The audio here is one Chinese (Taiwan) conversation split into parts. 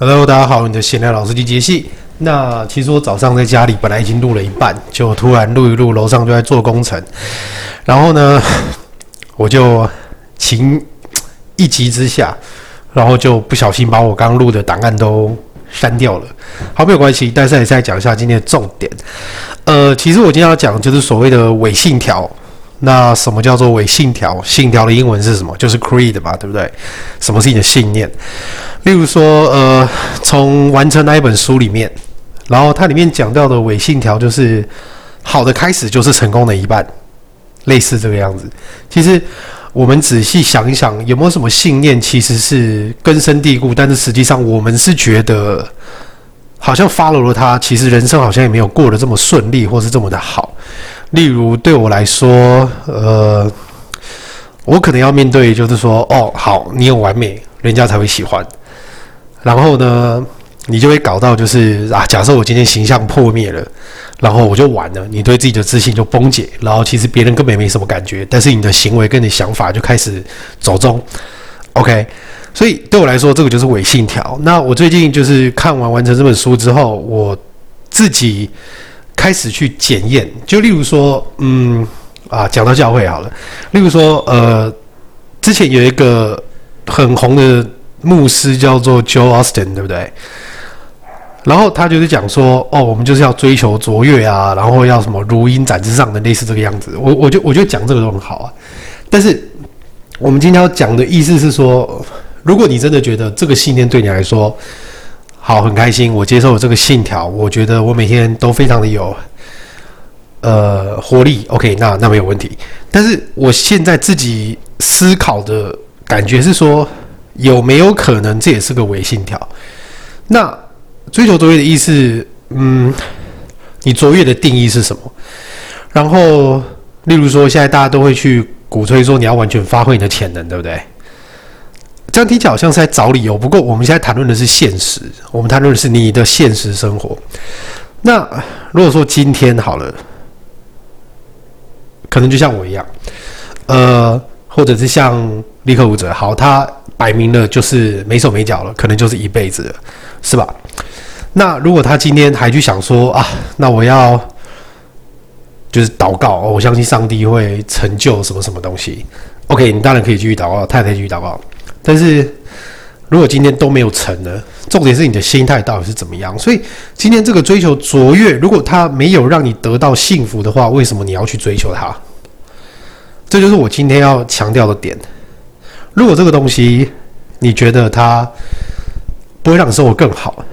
Hello，大家好，我是你的閒聊老司機傑西。那其實我早上在家裡本來已經錄了一半，就突然錄一錄，樓上就在做工程，然後呢，我就情一急之下，然後就不小心把我剛剛錄的檔案都刪掉了。好，沒有關係，但是也再講一下今天的重點。呃，其實我今天要講就是所謂的偽信條。那什麼叫做偽信條？信條的英文是什麼？就是 creed 吧，對不對？什麼是你的信念？例如說，呃，從完成那一本書裡面，然後它裡面講到的偽信條就是，好的開始就是成功的一半，類似這個樣子。其實我們仔細想一想，有沒有什麼信念其實是根深蒂固，但是實際上我們是覺得，好像 follow 了它，其實人生好像也沒有過得這麼順利，或是這麼的好。例如，對我來說，呃，我可能要面對，就是說，哦，好，你有完美，人家才會喜歡。然後呢，你就會搞到，就是啊，假設我今天形象破滅了，然後我就完了，你對自己的自信就崩解，然後其實別人根本沒什麼感覺，但是你的行為跟你的想法就開始走中。OK，所以對我來說，這個就是偽信條。那我最近就是看完完成這本書之後，我自己。開始去檢驗，就例如說，嗯啊，講到教會好了，例如說，呃，之前有一個很紅的牧師叫做 Joe Austin，對不對？然後他就是講說，哦，我們就是要追求卓越啊，然後要什麼如鷹展翅上騰類似這個樣子。我，我就，我就講這個都很好啊。但是我們今天要講的意思是說，如果你真的覺得這個信念對你來說，好，很開心，我接受這個信條。我覺得我每天都非常的有，呃，活力。OK，那那沒有問題。但是我現在自己思考的感覺是說，有沒有可能這也是個偽信條？那追求卓越的意思，嗯，你卓越的定義是什麼？然後，例如說，現在大家都會去鼓吹說你要完全發揮你的潛能，對不對？這樣聽起來好像是在找理由，不過我們現在談論的是現實，我們談論的是你的現實生活。那如果說今天好了，可能就像我一樣，呃，或者是像力克·胡哲，好，他擺明了就是沒手沒腳了，可能就是一輩子了，是吧？那如果他今天還去想說啊，那我要就是禱告，哦，我相信上帝會成就什麼什麼東西。OK，你當然可以繼續禱告，太太可以繼續禱告。但是，如果今天都沒有成呢？重點是你的心態到底是怎麼樣？所以，今天這個追求卓越，如果它沒有讓你得到幸福的話，為什麼你要去追求它？這就是我今天要強調的點。如果這個東西你覺得它不會讓你生活更好，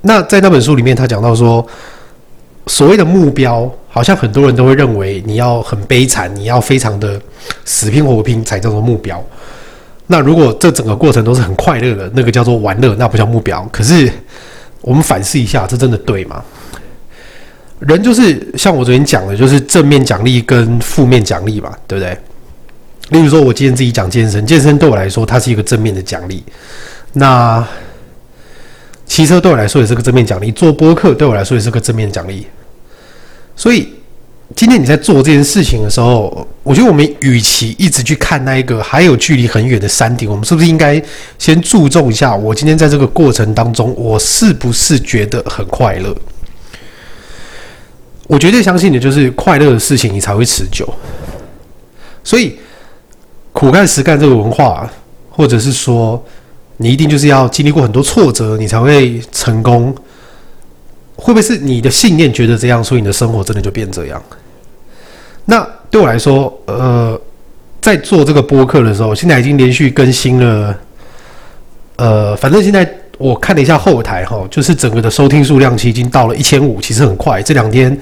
那在那本書裡面，他講到說，所謂的目標，好像很多人都會認為你要很悲慘，你要非常的。死拼活拼才叫做目標。那如果這整個過程都是很快樂的，那個叫做玩樂，那不叫目標。可是我們反思一下，這真的對嗎？人就是像我昨天講的，就是正面獎勵跟負面獎勵嘛，對不對？例如說，我今天自己講健身，健身對我來說，它是一個正面的獎勵。那騎車對我來說也是個正面獎勵，做播客對我來說也是個正面獎勵。所以，今天你在做這件事情的時候，我覺得我們與其一直去看那一個還有距離很遠的山頂，我們是不是應該先注重一下？我今天在這個過程當中，我是不是覺得很快樂？我絕對相信你就是快樂的事情，你才會持久。所以苦幹實幹這個文化，或者是說你一定就是要經歷過很多挫折，你才會成功。會不會是你的信念覺得這樣，所以你的生活真的就變這樣？那對我來說，呃，在做這個播客的時候，現在已經連續更新了，呃，反正現在我看了一下後台哈、哦，就是整個的收聽數量其實已經到了一千五，其實很快，這兩天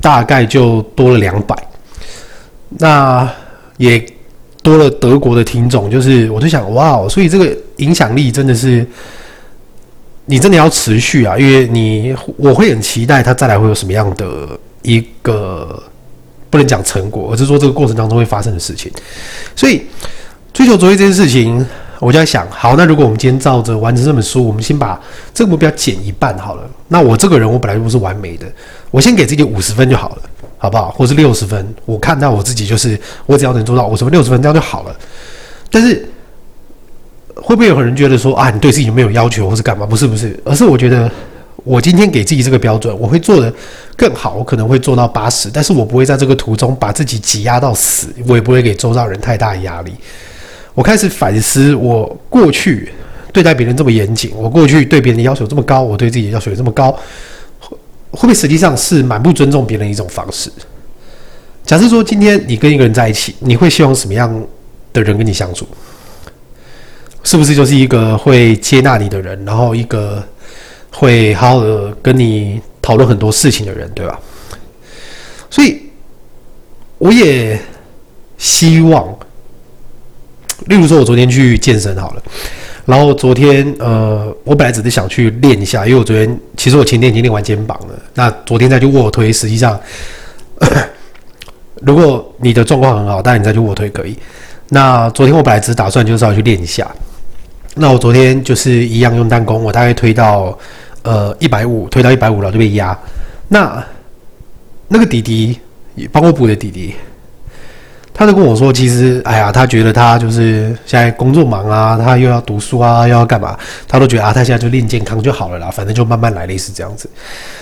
大概就多了兩百，那也多了德國的聽眾，就是我就想，哇、哦，所以這個影響力真的是。你真的要持續啊，因為你我會很期待他再來會有什麼樣的一個不能講成果，而是說這個過程當中會發生的事情。所以追求卓越這件事情，我就在想：好，那如果我們今天照着完成這本書，我們先把這個目標減一半好了。那我這個人我本來就不是完美的，我先給自己五十分就好了，好不好？或是六十分？我看到我自己就是，我只要能做到五十分、六十分，這樣就好了。但是。會不會有人覺得說啊，你對自己有沒有要求，或是幹嘛？不是不是，而是我覺得，我今天給自己這個標準，我會做得更好，我可能會做到八十，但是我不會在這個途中把自己擠壓到死，我也不會給周遭人太大的壓力。我開始反思，我過去對待別人這麼嚴謹，我過去對別人的要求這麼高，我對自己的要求這麼高，會會不會實際上是蠻不尊重別人一種方式？假設說今天你跟一個人在一起，你會希望什麼樣的人跟你相處？是不是就是一個會接納你的人，然後一個會好好的跟你討論很多事情的人，對吧？所以我也希望，例如說我昨天去健身好了，然後昨天呃，我本來只是想去練一下，因為我昨天其實我前天已經練完肩膀了，那昨天再去臥推，實際上，如果你的狀況很好，當然你再去臥推可以。那昨天我本來只是打算就是要去練一下。那我昨天就是一樣用彈弓，我大概推到呃一百五，150, 推到一百五了就被壓。那那個弟弟也幫我補的弟弟，他就跟我說，其實哎呀，他覺得他就是現在工作忙啊，他又要讀書啊，又要幹嘛，他都覺得啊，他現在就練健康就好了啦，反正就慢慢來類似這樣子。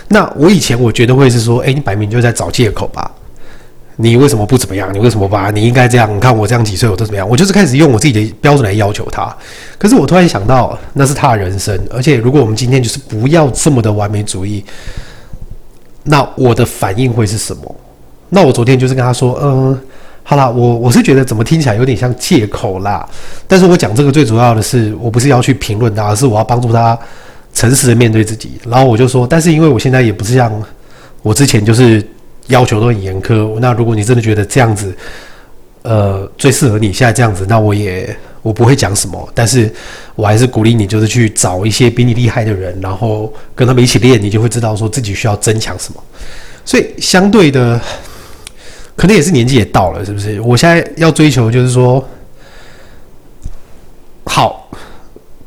那我以前我覺得會是說，哎、欸，你擺明就在找借口吧。你為什麼不怎麼樣？你為什麼不啊？你應該這樣？你看我這樣幾歲我都怎麼樣？我就是開始用我自己的標準來要求他。可是我突然想到，那是他的人生。而且如果我們今天就是不要這麼的完美主義，那我的反應會是什麼？那我昨天就是跟他說：“嗯，好啦，我我是覺得怎麼聽起來有點像借口啦。”但是我講這個最主要的是，我不是要去評論他，而是我要幫助他誠實的面對自己。然後我就說：“但是因為我現在也不是像我之前就是。”要求都很嚴苛。那如果你真的覺得這樣子，呃，最適合你現在這樣子，那我也我不會講什麼。但是，我還是鼓勵你，就是去找一些比你厲害的人，然後跟他們一起練，你就會知道說自己需要增強什麼。所以，相對的，可能也是年紀也到了，是不是？我現在要追求就是說，好，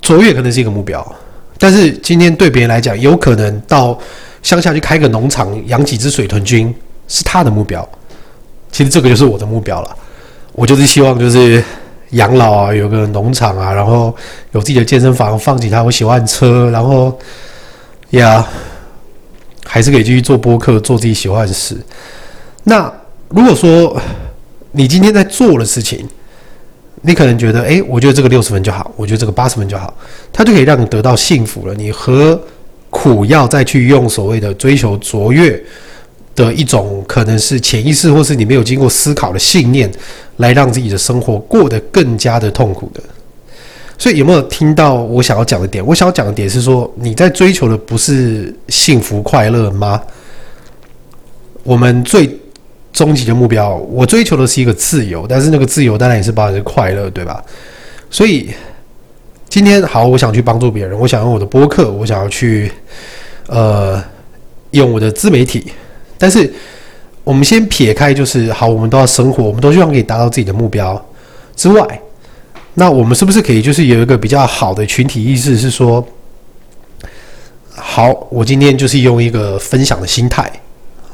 卓越可能是一個目標，但是今天對別人來講，有可能到鄉下去開個農場，養幾隻水豚君。是他的目標，其實這個就是我的目標了。我就是希望就是養老啊，有個農場啊，然後有自己的健身房放，放幾台我喜歡車，然後呀，yeah, 還是可以繼續做播客，做自己喜歡的事。那如果說你今天在做的事情，你可能覺得，哎，我覺得這個六十分就好，我覺得這個八十分就好，它就可以讓你得到幸福了。你何苦要再去用所謂的追求卓越？的一種可能是潛意識，或是你沒有經過思考的信念，來讓自己的生活過得更加的痛苦的。所以有沒有聽到我想要講的點？我想要講的點是說，你在追求的不是幸福快樂嗎？我們最終極的目標，我追求的是一個自由，但是那個自由當然也是包含是快樂，對吧？所以今天好，我想去幫助別人，我想用我的播客，我想要去呃用我的自媒體。但是，我們先撇開，就是好，我們都要生活，我們都希望可以達到自己的目標之外，那我們是不是可以，就是有一個比較好的群體意識？是說，好，我今天就是用一個分享的心態，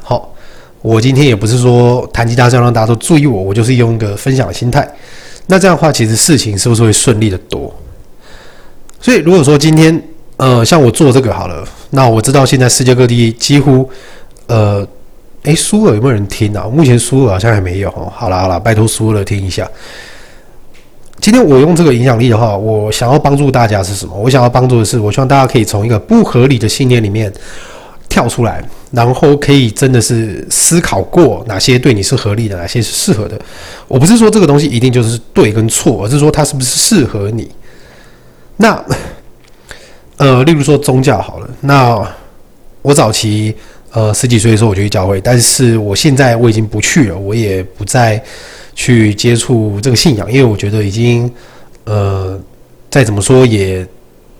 好，我今天也不是說彈吉他，這樣讓大家都注意我，我就是用一個分享的心態。那這樣的話，其實事情是不是會順利得多？所以如果說今天，呃，像我做這個好了，那我知道現在世界各地幾乎，呃。誒，蘇爾有沒有人聽呢？啊？目前蘇爾好像還沒有。好了好了，拜託蘇爾聽一下。今天我用這個影響力的話，我想要幫助大家是什麼？我想要幫助的是，我希望大家可以從一個不合理的信念裡面跳出來，然後可以真的是思考過哪些對你是合理的，哪些是適合的。我不是說這個東西一定就是對跟錯，而是說它是不是適合你。那，呃，例如說宗教好了，那我早期。呃，十幾歲的時候我就去教會，但是我現在我已經不去了，我也不再去接觸這個信仰，因為我覺得已經，呃，再怎麼說也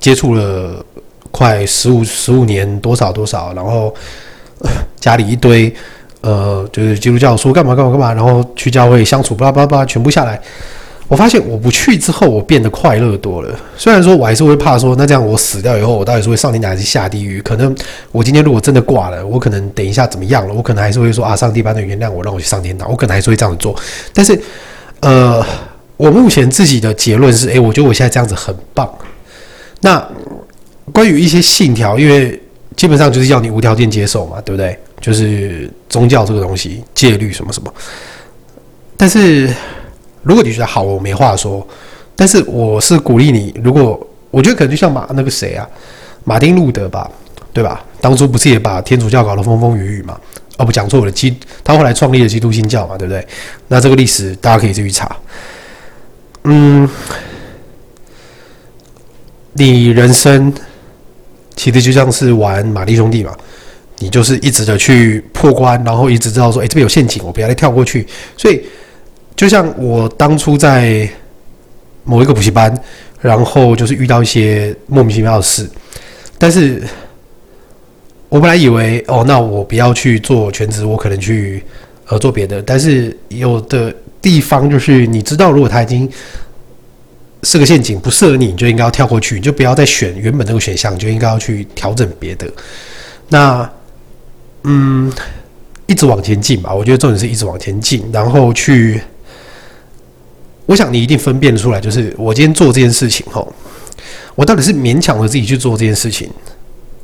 接觸了快十五十五年多少多少，然後家裡一堆，呃，就是基督教說幹嘛幹嘛幹嘛，然後去教會相處，巴拉巴拉巴拉，全部下來。我發現我不去之後，我變得快樂多了。雖然說我還是會怕，說那這樣我死掉以後，我到底是會上天堂還是下地獄？可能我今天如果真的掛了，我可能等一下怎麼樣了？我可能還是會說啊，上帝般的原諒我，讓我去上天堂。我可能還是會這樣做。但是，呃，我目前自己的結論是，誒，我覺得我現在這樣子很棒。那關於一些信條，因為基本上就是要你無條件接受嘛，對不對？就是宗教這個東西，戒律什麼什麼，但是。如果你覺得好，我沒話說。但是我是鼓勵你，如果我覺得可能就像馬那個誰啊，馬丁路德吧，對吧？當初不是也把天主教搞得風風雨雨嘛？哦，不，講錯，我的基，他後來創立了基督新教嘛，對不對？那這個歷史大家可以自己查。嗯，你人生其實就像是玩瑪麗兄弟嘛，你就是一直的去破關，然後一直知道說，哎、欸，這邊有陷阱，我不要再跳過去，所以。就像我當初在某一個補習班，然後就是遇到一些莫名其妙的事，但是我本來以為哦，那我不要去做全職，我可能去呃做別的。但是有的地方就是你知道，如果他已經設個陷阱，不適合你，你就應該要跳過去，你就不要再選原本那個選項，就應該要去調整別的。那嗯，一直往前進吧，我覺得重點是一直往前進，然後去。我想你一定分辨得出來，就是我今天做這件事情，吼，我到底是勉強我自己去做這件事情，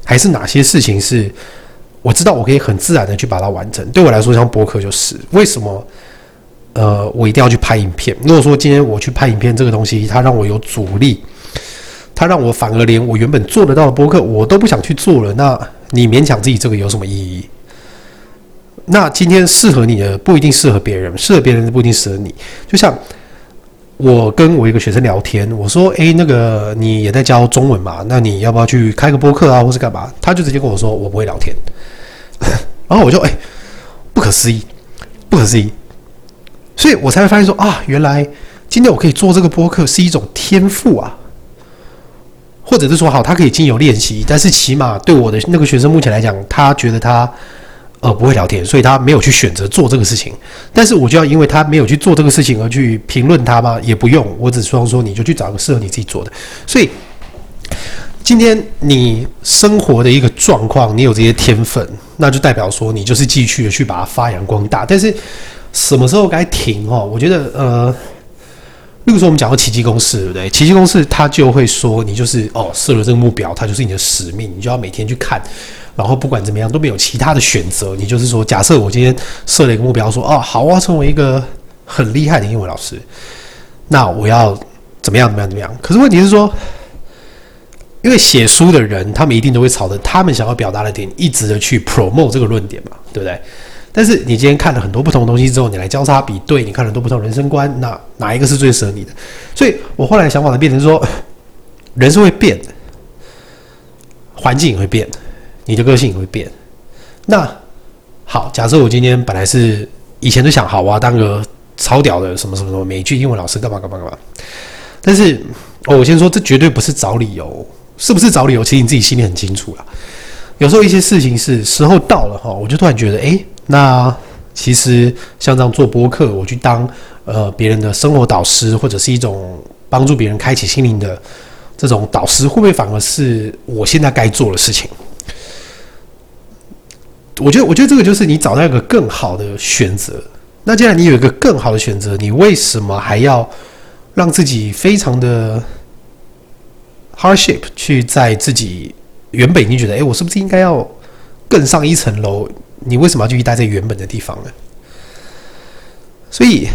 還是哪些事情是我知道我可以很自然的去把它完成？對我來說，像播客就是為什麼？呃，我一定要去拍影片。如果說今天我去拍影片，這個東西它讓我有阻力，它讓我反而連我原本做得到的播客我都不想去做了，那你勉強自己這個有什麼意義？那今天適合你的不一定適合別人，適合別人的不一定適合你，就像我跟我一個學生聊天，我說：“欸，那個你也在教中文嘛？那你要不要去開個播客啊，或是幹嘛？”他就直接跟我說：“我不會聊天。 ”然後我就：“欸，不可思議，不可思議！”所以，我才會發現說：“啊，原來今天我可以做這個播客是一種天賦啊，或者是說，好，他可以經由練習，但是起碼對我的那個學生目前來講，他覺得他。”呃，不會聊天，所以他沒有去選擇做這個事情。但是我就要因為他沒有去做這個事情而去評論他嗎？也不用，我只希望說你就去找個適合你自己做的。所以今天你生活的一個狀況，你有這些天分，那就代表說你就是繼續的去把它發揚光大。但是什麼時候該停？哦，我覺得呃。例如說，我們講過奇蹟公式，對不對？奇蹟公式，他就會說，你就是哦，設了這個目標，它就是你的使命，你就要每天去看，然後不管怎麼樣都沒有其他的選擇。你就是說，假設我今天設了一個目標，說哦，好啊，我要成為一個很厲害的英文老師，那我要怎麼樣？怎麼樣？怎麼樣？可是問題是說，因為寫書的人，他們一定都會朝着他們想要表達的點，一直的去 promote 這個論點嘛，對不對？但是你今天看了很多不同的東西之後，你來交叉比對，你看了很多不同的人生觀，那哪一個是最適合你的？所以我後來想法呢，變成是說，人是會變，環境也會變，你的個性也會變。那好，假設我今天本來是以前就想，好啊，當個超屌的什麼什麼什麼美劇英文老師，幹嘛幹嘛幹嘛。但是、哦，我先說，這絕對不是找理由，是不是找理由？其實你自己心裡很清楚啊。有時候一些事情是時候到了哈，我就突然覺得，哎、欸。那其實像這樣做播客，我去當呃別人的生活導師，或者是一種幫助別人開啟心靈的這種導師，會不會反而是我現在該做的事情？我覺得，我覺得這個就是你找到一個更好的選擇。那既然你有一個更好的選擇，你為什麼還要讓自己非常的 hardship 去在自己原本，你覺得，哎、欸，我是不是應該要更上一層樓？你為什麼要繼續待在原本的地方呢，啊？所以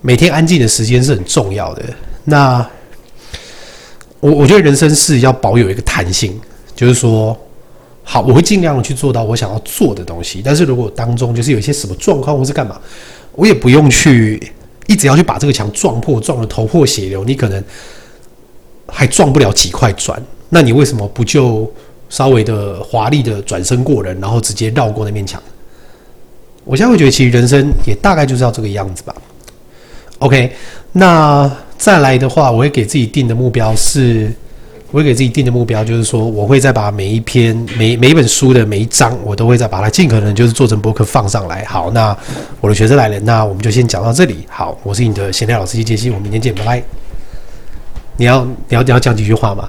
每天安靜的時間是很重要的。那我我覺得人生是要保有一個彈性，就是說，好，我會盡量去做到我想要做的東西。但是如果當中就是有一些什麼狀況或是幹嘛，我也不用去一直要去把這個牆撞破，撞得頭破血流，你可能還撞不了幾塊磚。那你為什麼不就？稍微的華麗的轉身過人，然後直接繞過那面牆。我現在會覺得，其實人生也大概就是要這個樣子吧。OK，那再來的話，我會給自己定的目標是，我會給自己定的目標就是說，我會再把每一篇、每每一本書的每一章，我都會再把它盡可能就是做成博客放上來。好，那我的學生來了，那我們就先講到這裡。好，我是你的閒聊老師葉傑西，我明天見，拜拜。你要你要你要講幾句話嗎？